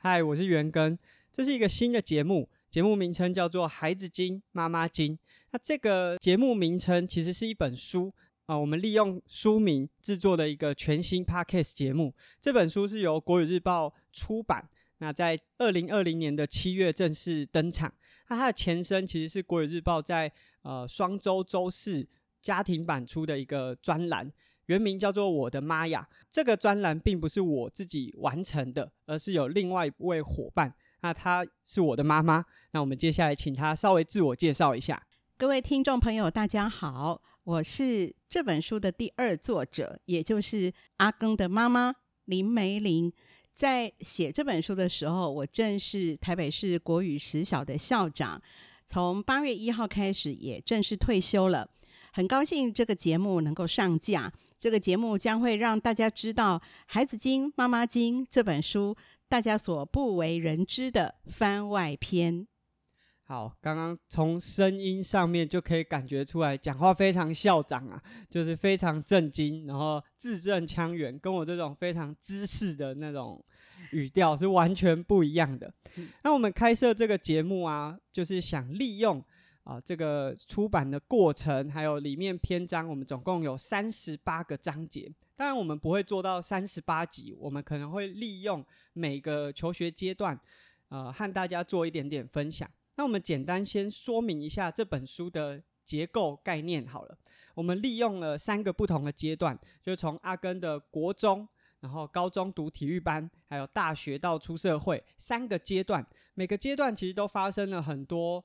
嗨，Hi, 我是袁根，這是一個新的節目，節目名稱叫做《孩子精媽媽驚》。那這個節目名稱其實是一本書啊、呃，我們利用書名制作的一個全新 podcast 節目。這本書是由《國語日報》出版，那在二零二零年的七月正式登場。那它的前身其實是《國語日報》在呃雙週週四家庭版出的一個專欄。原名叫做我的媽呀！這個專欄並不是我自己完成的，而是有另外一位夥伴。那她是我的媽媽。那我們接下來請她稍微自我介紹一下。各位聽眾朋友，大家好，我是這本書的第二作者，也就是阿庚的媽媽林玫伶。在寫這本書的時候，我正是台北市國語實小的校長，從八月一號開始也正式退休了。很高興這個節目能夠上架。這個節目將會讓大家知道《孩子精媽媽驚》這本書大家所不為人知的番外篇。好，剛剛從聲音上面就可以感覺出來，講話非常校長啊，就是非常正經，然後字正腔圓，跟我這種非常知識的那種語調是完全不一樣的。嗯、那我們開設這個節目啊，就是想利用。啊，這個出版的過程，還有裡面篇章，我們總共有三十八個章節。當然，我們不會做到三十八集，我們可能會利用每個求學階段，呃，和大家做一點點分享。那我們簡單先說明一下這本書的結構概念好了。我們利用了三個不同的階段，就是從阿根的國中，然後高中讀體育班，還有大學到出社會三個階段，每個階段其實都發生了很多，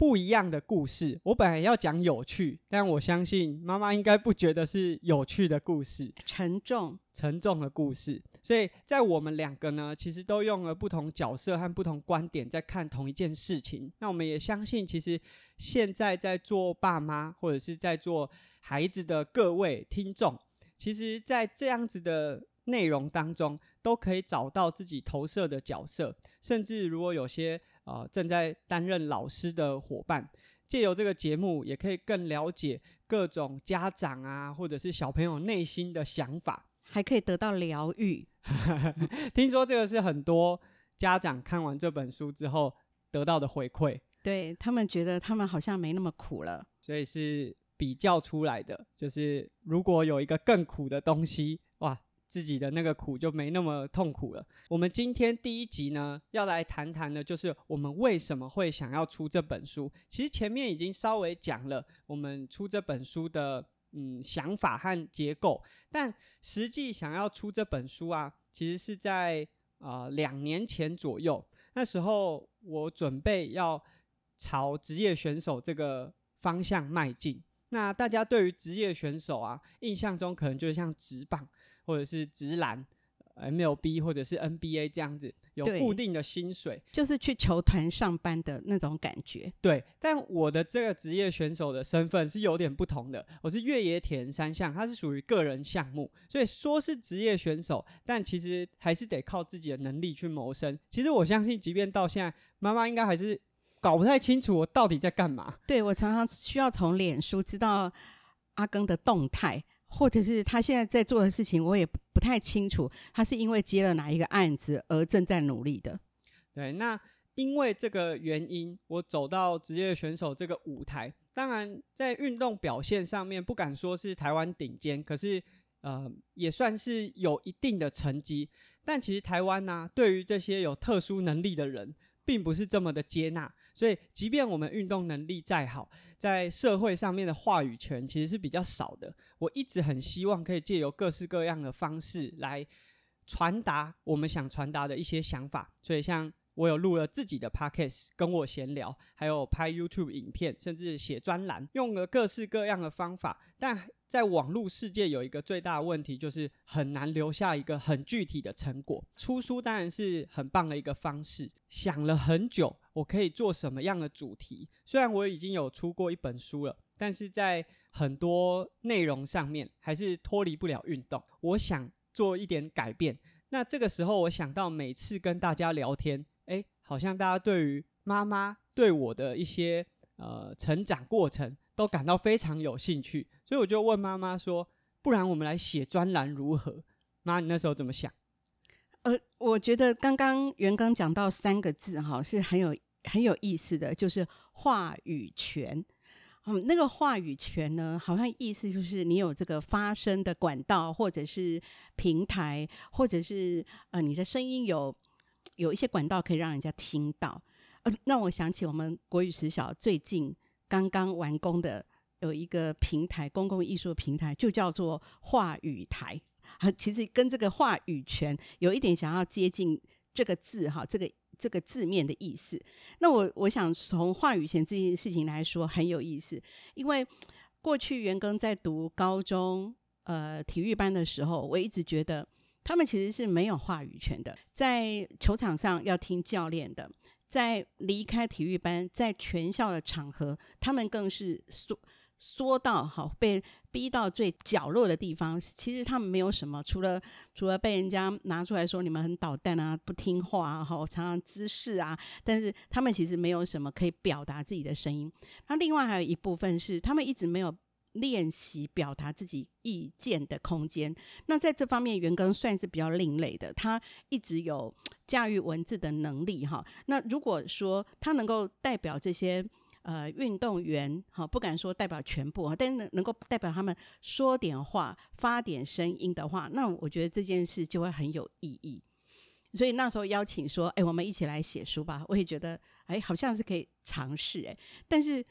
不一樣的故事，我本來要講有趣，但我相信媽媽應該不覺得是有趣的故事，沉重、沉重的故事。所以在我們兩個呢，其實都用了不同角色和不同觀點在看同一件事情。那我們也相信，其實現在在做爸媽或者是在做孩子的各位聽眾，其實，在這樣子的內容當中。都可以找到自己投射的角色，甚至如果有些呃正在擔任老師的夥伴，借由這個節目也可以更了解各種家長啊或者是小朋友內心的想法，還可以得到療癒。 聽說這個是很多家長看完這本書之後得到的回饋，對，他們覺得他們好像沒那麼苦了，所以是比較出來的，就是如果有一個更苦的東西。自己的那個苦就沒那麼痛苦了。我們今天第一集呢，要來談談的，就是我們為什麼會想要出這本書。其實前面已經稍微講了我們出這本書的嗯想法和結構，但實際想要出這本書啊，其實是在，呃，兩年前左右。那時候我準備要朝職業選手這個方向邁進。那大家對於職業選手啊，印象中可能就是像職棒。或者是職籃，MLB 或者是 NBA 這樣子，有固定的薪水，就是去球團上班的那種感覺。對，但我的這個職業選手的身份是有點不同的，我是越野鐵人三項，它是屬於個人項目，所以說是職業選手，但其實還是得靠自己的能力去謀生。其實我相信，即便到現在，媽媽應該還是搞不太清楚我到底在幹嘛。對，我常常需要從臉書知道阿根的動態。或者是他現在在做的事情，我也不太清楚。他是因為接了哪一個案子而正在努力的。對，那因為這個原因，我走到職業選手這個舞台。當然，在運動表現上面，不敢說是台灣頂尖，可是呃，也算是有一定的成績。但其實台灣呢、啊，對於這些有特殊能力的人，並不是這麼的接納，所以即便我們運動能力再好，在社會上面的話語權其實是比較少的。我一直很希望可以借由各式各樣的方式來傳達我們想傳達的一些想法，所以像。我有錄了自己的 Podcast，跟我閒聊，還有拍 YouTube 影片，甚至寫專欄，用了各式各樣的方法。但在網絡世界有一個最大的問題，就是很難留下一個很具體的成果。出書當然是很棒的一個方式。想了很久，我可以做什麼樣的主題？雖然我已經有出過一本書了，但是在很多內容上面還是脫離不了運動。我想做一點改變。那這個時候，我想到每次跟大家聊天。好像大家對於媽媽對我的一些呃成長過程都感到非常有興趣，所以我就問媽媽說：“不然我們來寫專欄如何？”媽，你那時候怎麼想？呃，我覺得剛剛袁剛講到三個字哈，是很有很有意思的，就是話語權。嗯，那個話語權呢，好像意思就是你有這個發聲的管道，或者是平台，或者是呃，你的聲音有。有一些管道可以讓，人家聽到，呃、嗯，讓我想起我們國語實小最近剛剛完工的有一個平台，公共藝術平台就叫做話語台啊。其實跟這個話語權有一點想要接近這個字哈，這個這個字面的意思。那我我想從話語權這件事情來說，很有意思，因為過去袁庚在讀高中呃體育班的時候，我一直覺得。他們其實是沒有話語權的，在球場上要聽教練的，在離開體育班，在全校的場合，他們更是說說到好被逼到最角落的地方。其實他們沒有什麼，除了除了被人家拿出來說你們很搗蛋啊、不聽話啊、好、哦，常常滋事啊，但是他們其實沒有什麼可以表達自己的聲音。那另外還有一部分是，他們一直沒有練習表達自己意見的空間。那在這方面，袁庚算是比較另類的，他一直有駕馭文字的能力哈。那如果說他能夠代表這些呃運動員哈，不敢說代表全部啊，但是能夠代表他們說點話、發點聲音的話，那我覺得這件事就會很有意義。所以那時候邀請說：“哎、欸，我們一起來寫書吧。”我也覺得，哎、欸，好像是可以嘗試誒，但是。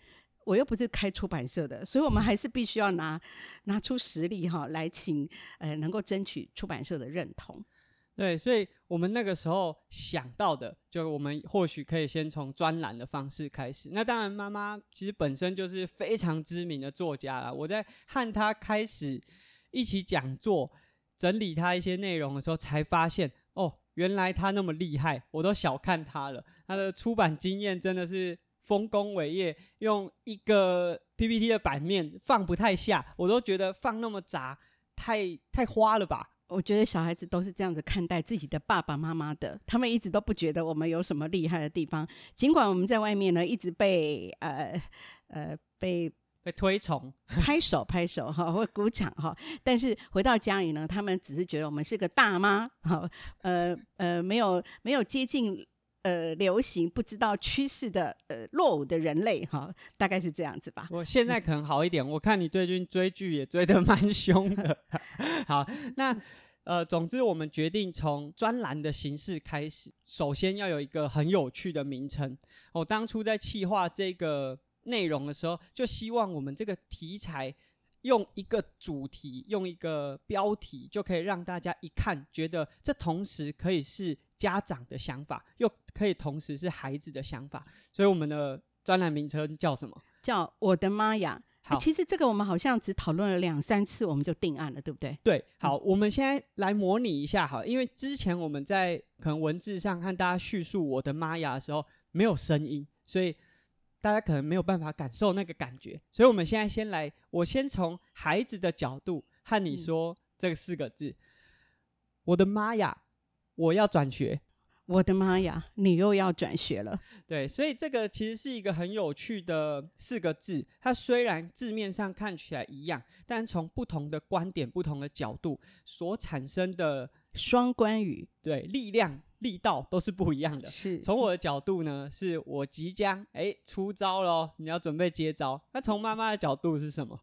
我又不是開出版社的，所以我們還是必須要拿，拿出實力哈來請，呃，能夠爭取出版社的認同。對，所以我們那個時候想到的，就是我們或許可以先從專欄的方式開始。那當然，媽媽其實本身就是非常知名的作家了。我在和她開始一起講座、整理她一些內容的時候，才發現哦，原來她那麼厲害，我都小看她了。她的出版經驗真的是。豐功偉業用一個 PPT 的版面放不太下，我都覺得放那麼雜，太太花了吧？我覺得小孩子都是這樣子看待自己的爸爸媽媽的，他們一直都不覺得我們有什麼厲害的地方，儘管我們在外面呢一直被呃呃被被推崇、拍手、拍手哈會、哦、鼓掌哈、哦，但是回到家裡呢，他們只是覺得我們是個大媽，哈、哦、呃呃沒有沒有接近。呃，流行，不知道趨勢的，呃，落伍的人類哈、哦，大概是這樣子吧。我現在可能好一點， 我看你最近追劇也追得蠻凶的。 好，那呃，總之我們決定從專欄的形式開始，首先要有一個很有趣的名稱。我、哦、當初在企劃這個內容的時候，就希望我們這個題材用一個主題，用一個標題，就可以讓大家一看覺得這同時可以是。家長的想法又可以同時是孩子的想法，所以我們的專欄名稱叫什麼？叫我的媽呀！好、啊，其實這個我們好像只討論了兩三次，我們就定案了，對不對？對，好，嗯、我們現在來模擬一下，好，因為之前我們在可能文字上看大家敘述“我的媽呀”的時候沒有聲音，所以大家可能沒有辦法感受那個感覺，所以我們現在先來，我先從孩子的角度和你說這四個字：“嗯、我的媽呀”。我要轉學，我的媽呀！你又要轉學了。對，所以這個其實是一個很有趣的四個字，它雖然字面上看起來一樣，但從不同的觀點、不同的角度所產生的雙關語，對，力量、力道都是不一樣的。是，從我的角度呢，是我即將哎、欸、出招了，你要準備接招。那從媽媽的角度是什麼？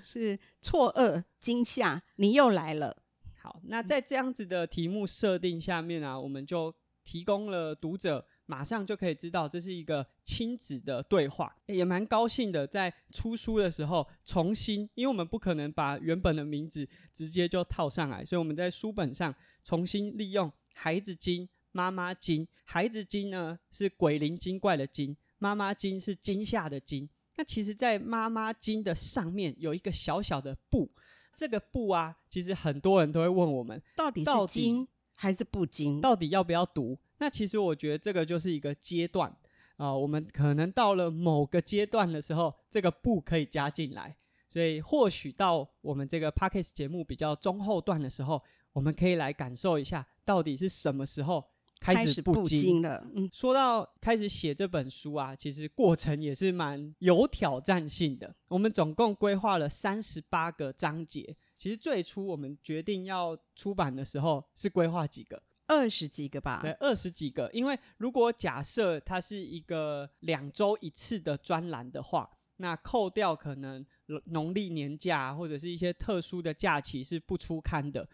是錯愕、驚嚇，你又來了。好，那在這樣子的題目設定下面啊，我們就提供了讀者馬上就可以知道這是一個親子的對話，欸、也蠻高興的。在出書的時候，重新，因為我們不可能把原本的名字直接就套上來，所以我們在書本上重新利用孩子精媽媽驚“孩子精”、“媽媽驚”。孩子精呢是鬼靈精怪的精，媽媽驚是驚嚇的驚。那其實，在媽媽驚的上面有一個小小的布。這個不啊，其實很多人都會問我們，到底是精還是不精、嗯，到底要不要讀？那其實我覺得這個就是一個階段啊、呃，我們可能到了某個階段的時候，這個不可以加進來。所以或許到我們這個 Podcast 節目比較中後段的時候，我們可以來感受一下，到底是什麼時候。開始不驚了。嗯，說到開始寫這本書啊，其實過程也是蠻有挑戰性的。我們總共規劃了三十八個章節。其實最初我們決定要出版的時候是規劃幾個？二十幾個吧？對，二十幾個。因為如果假設它是一個兩周一次的專欄的話，那扣掉可能農曆年假或者是一些特殊的假期是不出刊的。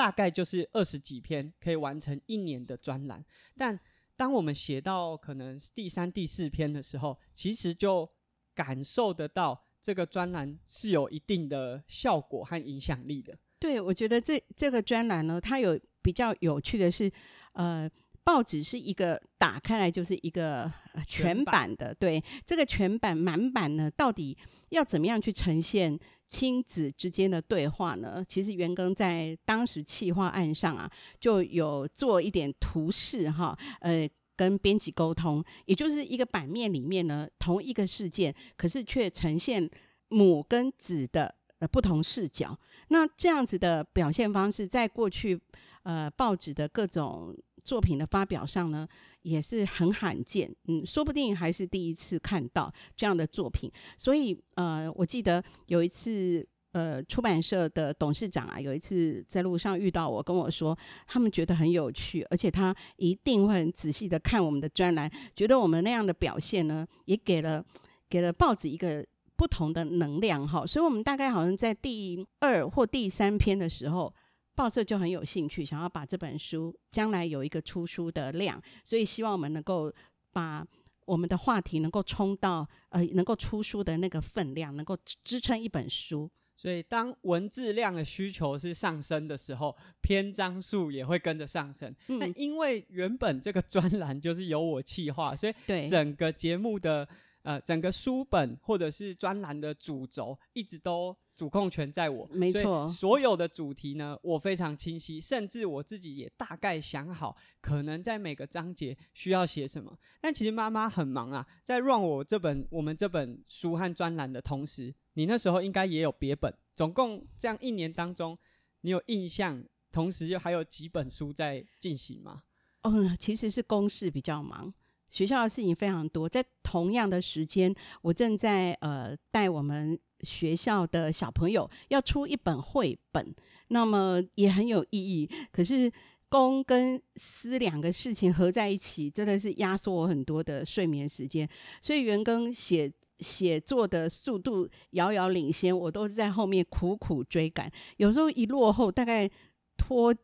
大概就是二十幾篇可以完成一年的專欄，但當我們寫到可能第三、第四篇的時候，其實就感受得到這個專欄是有一定的效果和影響力的。對，我覺得這這個專欄呢，它有比較有趣的是，呃，報紙是一個打開來就是一個全版的，版對，這個全版滿版呢，到底要怎麼樣去呈現？親子之間的對話呢，其實袁庚在當時企劃案上啊，就有做一點圖示哈，呃，跟編輯溝通，也就是一個版面裡面呢，同一個事件，可是卻呈現母跟子的呃不同視角。那這樣子的表現方式，在過去呃報紙的各種。作品的發表上呢，也是很罕見，嗯，說不定還是第一次看到這樣的作品。所以，呃，我記得有一次，呃，出版社的董事長啊，有一次在路上遇到我，跟我說，他們覺得很有趣，而且他一定會很仔細的看我們的專欄，覺得我們那樣的表現呢，也給了給了報紙一個不同的能量哈。所以，我們大概好像在第二或第三篇的時候。報社就很有興趣，想要把這本書將來有一個出書的量，所以希望我們能夠把我們的話題能夠衝到呃，能夠出書的那個分量，能夠支撐一本書。所以當文字量的需求是上升的時候，篇章數也會跟着上升。那、嗯、因為原本這個專欄就是由我企劃，所以對整個節目的對呃整個書本或者是專欄的主軸一直都。主控權在我，沒錯。所有的主題呢，我非常清晰，甚至我自己也大概想好，可能在每個章節需要寫什麼。但其實媽媽很忙啊，在 run 我這本我們這本書和專欄的同時，你那時候應該也有別本。總共這樣一年當中，你有印象，同時又還有幾本書在進行嗎？哦、嗯，其實是公事比較忙，學校的事情非常多。在同樣的時間，我正在呃帶我們。學校的小朋友要出一本繪本，那麼也很有意義。可是公跟私兩個事情合在一起，真的是壓縮我很多的睡眠時間。所以元庚寫寫作的速度遙遙領先，我都是在後面苦苦追趕。有時候一落後，大概拖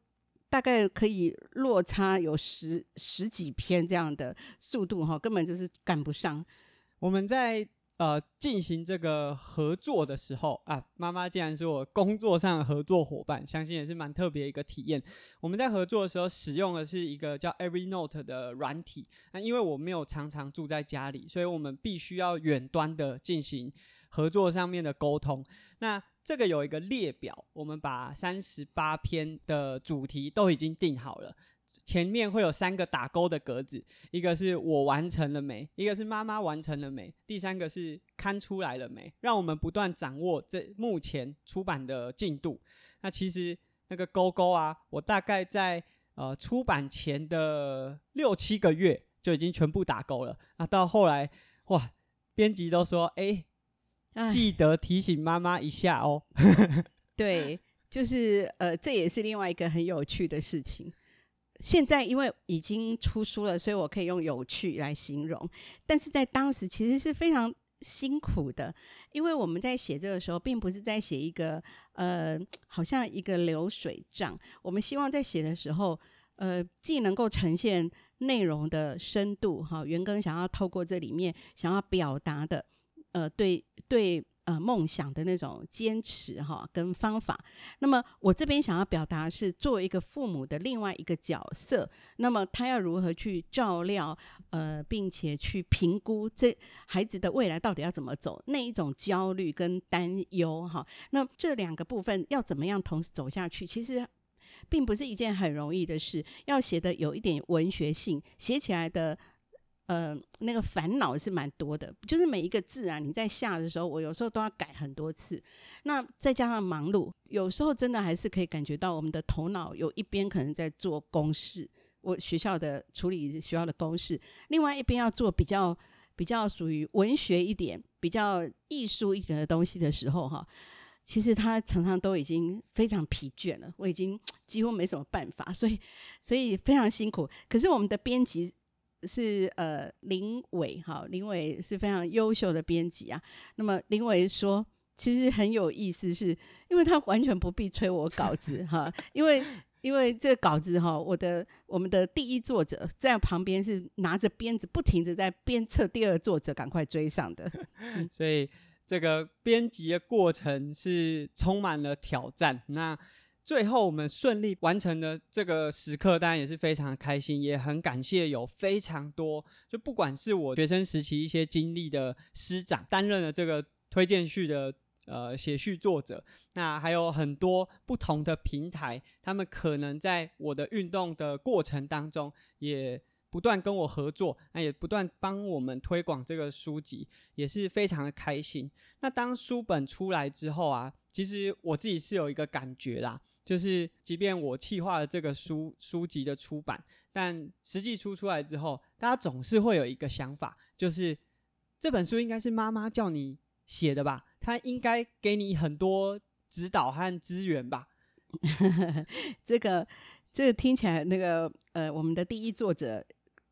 大概可以落差有十十幾篇這樣的速度，哈，根本就是趕不上。我們在。呃，進行這個合作的時候啊，媽媽既然是我工作上的合作夥伴，相信也是蠻特別一個體驗。我們在合作的時候使用的是一個叫 Evernote 的軟體，那、啊、因為我沒有常常住在家裡，所以我們必須要遠端的進行合作上面的溝通。那這個有一個列表，我們把三十八篇的主題都已經定好了。前面會有三個打勾的格子，一個是我完成了沒，一個是媽媽完成了沒，第三個是刊出來了沒，讓我們不斷掌握這目前出版的進度。那其實那個勾勾啊，我大概在呃出版前的六七個月就已經全部打勾了。那、啊、到後來，哇，編輯都說，哎、欸，唉記得提醒媽媽一下哦。 對，就是呃，這也是另外一個很有趣的事情。現在因為已經出書了，所以我可以用有趣來形容。但是在當時其實是非常辛苦的，因為我們在寫這個時候，並不是在寫一個呃，好像一個流水賬。我們希望在寫的時候，呃，既能夠呈現內容的深度，哈、呃，元庚想要透過這裡面想要表達的，呃，對對。呃，夢想的那種堅持哈，跟方法。那麼我這邊想要表達是，作為一個父母的另外一個角色，那麼他要如何去照料呃，並且去評估這孩子的未來到底要怎麼走，那一種焦慮跟擔憂哈。那這兩個部分要怎麼樣同時走下去，其實並不是一件很容易的事。要寫得有一點文學性，寫起來的。呃，那個煩惱是蠻多的，就是每一個字啊，你在下的時候，我有時候都要改很多次。那再加上忙碌，有時候真的還是可以感覺到，我們的頭腦有一邊可能在做公事，我學校的處理學校的公事，另外一邊要做比較比較屬於文學一點、比較藝術一點的東西的時候，哈，其實他常常都已經非常疲倦了，我已經幾乎沒什麼辦法，所以所以非常辛苦。可是我們的編輯。是呃，林偉哈，林偉是非常優秀的編輯啊。那麼林偉說，其實很有意思，是因為他完全不必催我稿子哈， 因為因為這個稿子哈，我的我們的第一作者在旁邊是拿着鞭子，不停地在鞭策第二作者趕快追上的，嗯，所以這個編輯的過程是充滿了挑戰。那。最後我們順利完成的這個時刻，當然也是非常開心，也很感謝有非常多，就不管是我學生時期一些經歷的師長擔任了這個推薦序的呃寫序作者，那還有很多不同的平台，他們可能在我的運動的過程當中也。不斷跟我合作，那也不斷幫我們推廣這個書籍，也是非常的開心。那當書本出來之後啊，其實我自己是有一個感覺啦，就是即便我企劃了這個書書籍的出版，但實際出出來之後，大家總是會有一個想法，就是這本書應該是媽媽叫你寫的吧？她應該給你很多指導和資源吧？ 這個這個聽起來那個呃，我們的第一作者。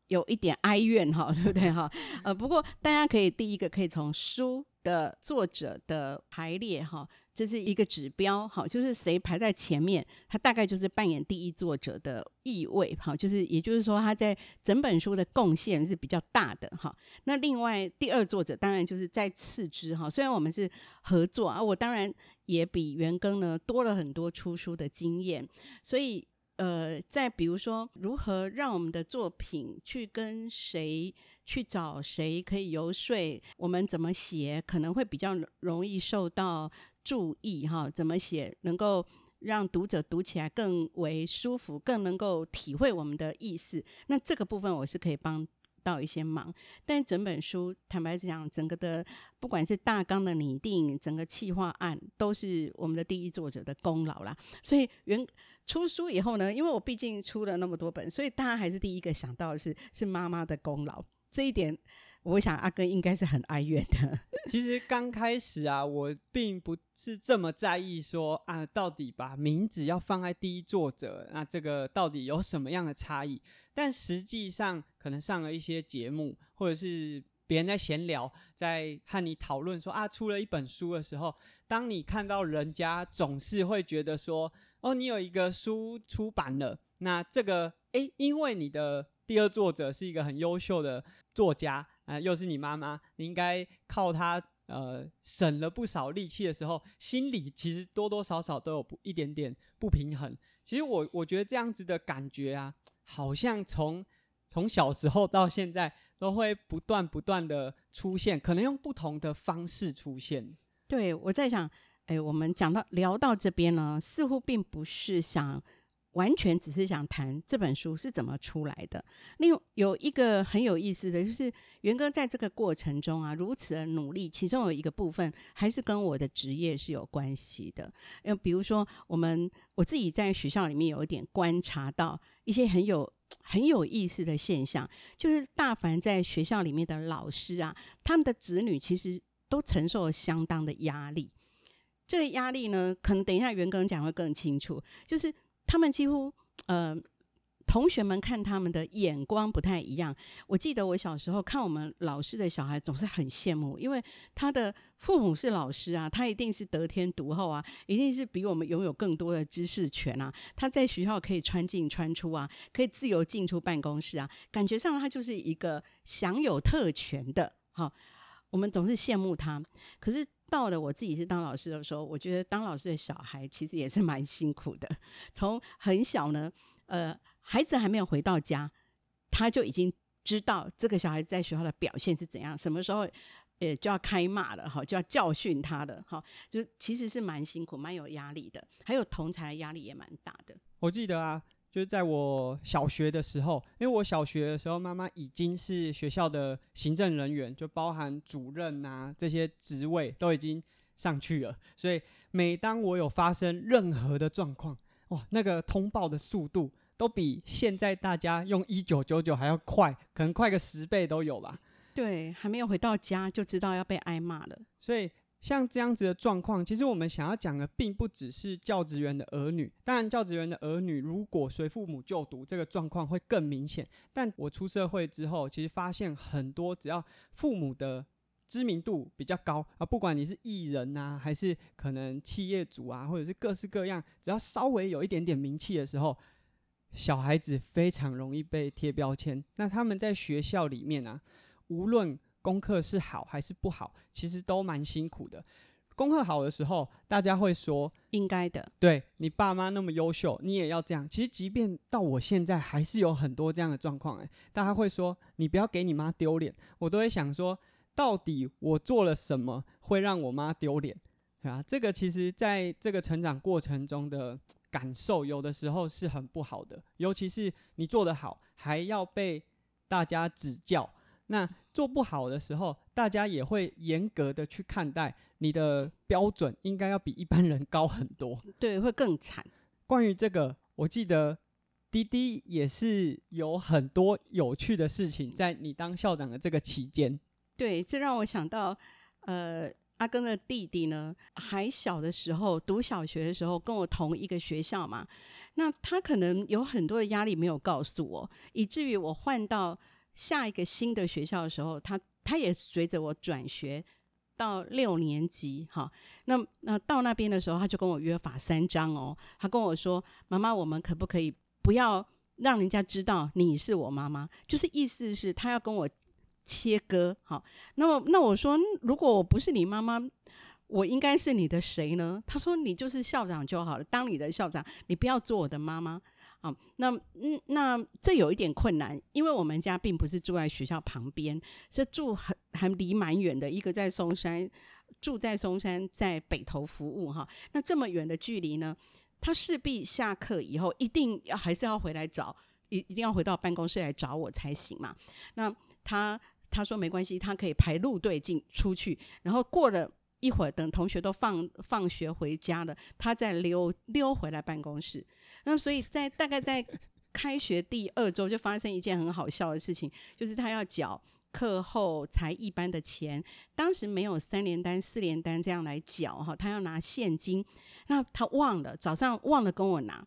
有一點哀怨哈，對不對哈？呃，不過大家可以第一個可以從書的作者的排列哈，這、就是一個指標哈，就是誰排在前面，他大概就是扮演第一作者的意味哈，就是也就是說他在整本書的貢獻是比較大的哈。那另外第二作者當然就是在次之哈，雖然我們是合作啊，我當然也比袁庚呢多了很多出書的經驗，所以。呃，再比如說，如何讓我們的作品去跟誰去找誰可以游說？我們怎麼寫可能會比較容易受到注意哈、哦？怎麼寫能夠讓讀者讀起來更為舒服，更能夠體會我們的意思？那這個部分我是可以幫。到一些忙，但整本書坦白講，整個的不管是大綱的擬定，整個企劃案，都是我們的第一作者的功勞啦。所以原出書以後呢，因為我畢竟出了那麼多本，所以大家還是第一個想到的是是媽媽的功勞這一點。我想阿哥應該是很哀怨的。其實剛開始啊，我並不是這麼在意說啊，到底把名字要放在第一作者，那這個到底有什麼樣的差異？但實際上，可能上了一些節目，或者是別人在閒聊，在和你討論說啊，出了一本書的時候，當你看到人家總是會覺得說，哦，你有一個書出版了，那這個誒，因為你的第二作者是一個很優秀的作家。啊、呃，又是你媽媽，你應該靠她，呃，省了不少力氣的時候，心裡其實多多少少都有一點點不平衡。其實我我覺得這樣子的感覺啊，好像從從小時候到現在都會不斷不斷的出現，可能用不同的方式出現。對，我在想，哎，我們講到聊到這邊呢，似乎並不是想。完全只是想談這本書是怎麼出來的。另外有一個很有意思的，就是袁哥在這個過程中啊，如此的努力，其中有一個部分還是跟我的職業是有關係的。因比如說，我們我自己在學校裡面有一點觀察到一些很有很有意思的現象，就是大凡在學校裡面的老師啊，他們的子女其實都承受了相當的壓力。這個壓力呢，可能等一下袁哥講會更清楚，就是。他們幾乎，呃，同學們看他們的眼光不太一樣。我記得我小時候看我們老師的小孩，總是很羨慕，因為他的父母是老師啊，他一定是得天獨厚啊，一定是比我們擁有更多的知識權啊。他在學校可以穿進穿出啊，可以自由進出辦公室啊，感覺上他就是一個享有特權的。好、哦，我們總是羨慕他，可是。到了我自己是當老師的時候，我覺得當老師的小孩其實也是蠻辛苦的。從很小呢，呃，孩子還沒有回到家，他就已經知道這個小孩子在學校的表現是怎樣，什麼時候也就要開罵了，哈，就要教訓他的，哈，就其實是蠻辛苦、蠻有壓力的。還有同儕壓力也蠻大的。我記得啊。就是在我小學的時候，因為我小學的時候，媽媽已經是學校的行政人員，就包含主任啊這些職位都已經上去了，所以每當我有發生任何的狀況，哇，那個通報的速度都比現在大家用一九九九還要快，可能快個十倍都有吧。對，還沒有回到家就知道要被挨罵了，所以。像這樣子的狀況，其實我們想要講的並不只是教職員的兒女。當然，教職員的兒女如果隨父母就讀，這個狀況會更明顯。但我出社會之後，其實發現很多只要父母的知名度比較高啊，不管你是藝人啊，還是可能企業主啊，或者是各式各樣，只要稍微有一點點名氣的時候，小孩子非常容易被貼標籤。那他們在學校裡面啊，無論……功課是好還是不好，其實都蠻辛苦的。功課好的時候，大家會說應該的。對，你爸媽那麼優秀，你也要這樣。其實，即便到我現在，還是有很多這樣的狀況。誒，大家會說你不要給你媽丟臉，我都會想說，到底我做了什麼會讓我媽丟臉？啊，這個其實在這個成長過程中的感受，有的時候是很不好的。尤其是你做得好，還要被大家指教。那做不好的時候，大家也會嚴格的去看待。你的標準應該要比一般人高很多。對，會更慘。關於這個，我記得滴滴也是有很多有趣的事情在你當校長的這個期間。對，這讓我想到，呃，阿根的弟弟呢，還小的時候，讀小學的時候，跟我同一個學校嘛。那他可能有很多的壓力沒有告訴我，以至於我換到。下一個新的學校的時候，他他也隨着我轉學到六年級，哈，那那到那邊的時候，他就跟我約法三章哦，他跟我說：“媽媽，我們可不可以不要讓人家知道你是我媽媽？”就是意思是，他要跟我切割，好，那我那我說，如果我不是你媽媽，我應該是你的誰呢？他說：“你就是校長就好了，當你的校長，你不要做我的媽媽。”哦、那嗯，那這有一點困難，因為我們家並不是住在學校旁邊，是住很還離蠻遠的。一個在松山，住在松山，在北投服務哈、哦。那這麼遠的距離呢，他勢必下課以後，一定要還是要回來找，一一定要回到辦公室來找我才行嘛。那他他說沒關係，他可以排路隊進出去，然後過了。一會兒等同學都放放學回家了，他再溜溜回來辦公室。那所以在，在大概在開學第二周，就發生一件很好笑的事情，就是他要繳課後才藝班的錢，當時沒有三連單、四連單這樣來繳哈，他要拿現金。那他忘了早上忘了跟我拿，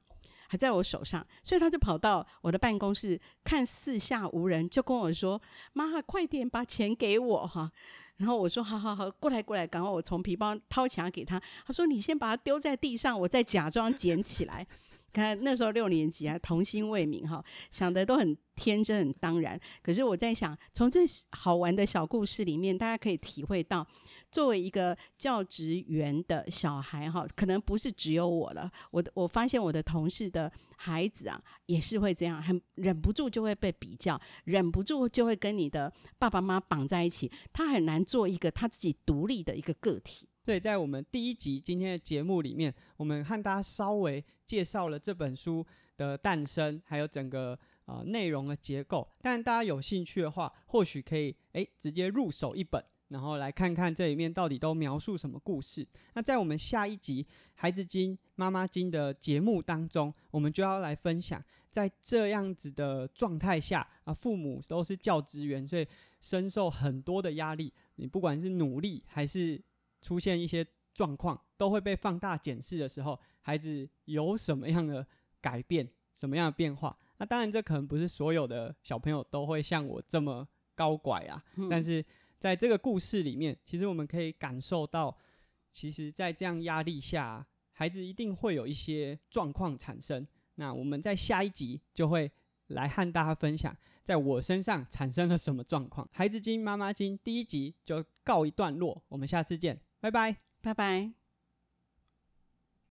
還在我手上，所以他就跑到我的辦公室，看四下無人，就跟我說：“媽，快點把錢給我哈。”然後我說：“好好好，過來過來，剛好我從皮包掏錢給他。”他說：“你先把它丟在地上，我再假裝撿起來。” 那那時候六年級啊，童心未泯哈，想的都很天真、很當然。可是我在想，從這好玩的小故事裡面，大家可以體會到，作為一個教職員的小孩哈，可能不是只有我了。我我發現我的同事的孩子啊，也是會這樣，很忍不住就會被比較，忍不住就會跟你的爸爸媽媽綁在一起，他很難做一個他自己獨立的一個個體。所以在我們第一集今天的節目裡面，我們和大家稍微介紹了這本書的誕生，還有整個呃內容的結構。但大家有興趣的話，或許可以誒直接入手一本，然後來看看這裡面到底都描述什麼故事。那在我們下一集《孩子精》《媽媽驚》的節目當中，我們就要來分享，在這樣子的狀態下啊，父母都是教職員，所以深受很多的壓力。你不管是努力還是。出現一些狀況都會被放大檢視的時候，孩子有什麼樣的改變，什麼樣的變化？那當然，這可能不是所有的小朋友都會像我這麼高拐啊。嗯、但是在這個故事裡面，其實我們可以感受到，其實，在這樣壓力下，啊，孩子一定會有一些狀況產生。那我們在下一集就會來和大家分享，在我身上產生了什麼狀況。孩子精媽媽驚，第一集就告一段落，我們下次見。拜拜，拜拜。